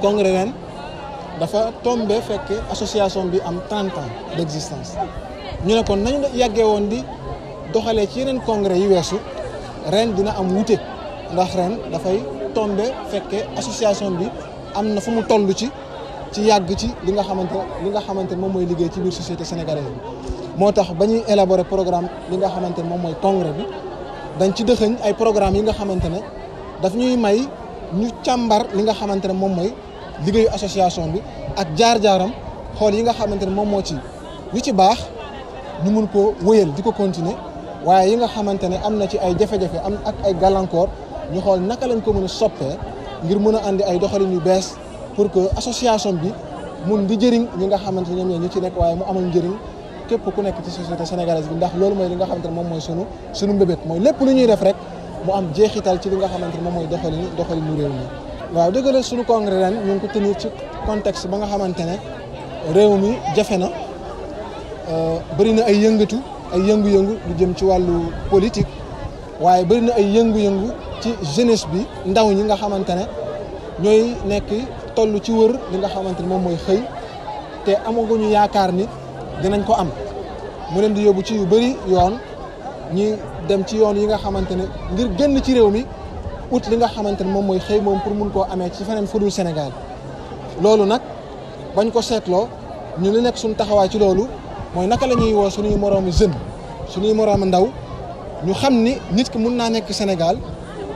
congrès ren dafa tombé fait association bi a 30 ans d'existence. Nous avons dit kon le congrès dina am tombé l'association association bi am na fu ci ci yagg ci li nga li nga société sénégalaise motax bañuy élaborer programme li nga congrès bi dañ ci ay programme yi nga ñu càmbar li nga xamante ne moom mooy liggéeyu association bi ak jaar-jaaram xool yi nga xamante ne moom moo ci yu ci baax ñu mun ko wéyal di ko continuer waaye yi nga xamante ne am na ci ay jafe-jafe ak ay gàllankoor ñu xool naka lañ ko mën a soppee ngir mën a andi ay doxalin yu bees pour que association bi mun di jëriñ ñi nga xamante ne ñoom ñoo ñu ci nekk waaye mu amal njëriñ képp ku nekk ci société sénégalaise bi ndax loolu mooy li nga xamante ne moom mooy sunu sunu mbébét mooy lépp lu ñuy def rek. mu am jeexital ci li nga xamante moom mooy doxalin doxalinu réew mi. waaw dëgg sunu suñu congrès ren ñu ngi ko tenir ci contexte ba nga xamante ne réew mi jafe na euh, bëri na ay yëngatu ay yëngu-yëngu lu jëm ci wàllu politique waaye bëri na ay yëngu ci jeunesse bi ndaw ñi nga xamante ne ñooy nekk toll ci wër li nga xamante ne moom mooy xëy te amaguñu yaakaar ni dinañ ko am mu leen di yóbbu ci yu bëri yoon ñi dem ci yoon yi nga xamante ne ngir génn ci réew mi ut li nga xamante ne moom mooy xëy moom pour mun koo amee ci feneen fudul senegal loolu nag bañ ko seetloo ñu li nekk suñu taxawaay ci loolu mooy naka la ñuy woo suñuy moroomu jeune suñuy moroomu ndaw ñu xam ni nit ki mun naa nekk senegal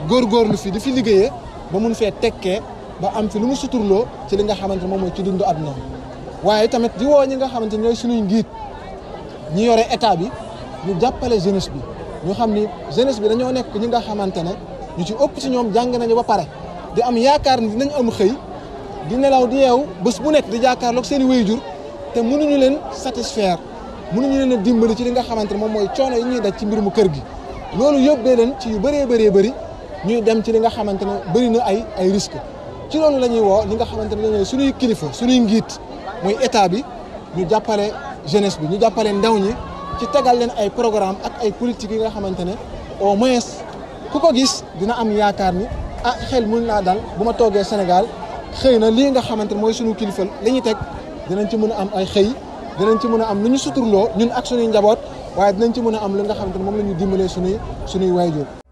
góor góorgóorlu fi di fi liggéeyee ba mun fee tekkee ba am fi lu mu suturloo ci li nga xamante moom mooy ci dundu àdduna waaye tamit di woo ñi nga xamante ñooy suñuy njiit ñi yore état bi ñu jàppale jeunesse bi ñoo xam ni jeunesse bi dañoo nekk ñi nga xamante ne ñu ci ëpp ci ñoom jàng nañu ba pare di am yaakaar ni dinañ am xëy di nelaw di yeew bés bu nekk di jàkkaarloog seen i wayjur te mënuñu leen satisfaire mënuñu leen a dimbali ci li nga xamante ne moom mooy coono yi ñuy daj ci mbir mu kër gi loolu yóbbee leen ci yu bëree bëree bëri ñuy dem ci li nga xamante ne bëri na ay ay risque ci loolu la ñuy woo li nga xamante ne dañoo suñuy kilifa sunuy ngiit mooy état bi ñu jàppale jeunesse bi ñu jàppale ndaw ñi ci tegal leen ay programme ak ay politique yi nga xamante ne au moins ku ko gis dina am yaakaar ni ah xel mun naa dal bu ma toogee Sénégal xëy na lii nga xamante ne mooy sunu kilifa li ñu teg dinañ ci mën a am ay xëy dinañ ci mun a am lu ñu suturloo ñun ak sunuy njaboot waaye dinañ ci mën a am li nga xamante ne moom la ñu dimbalee sunuy sunuy waajur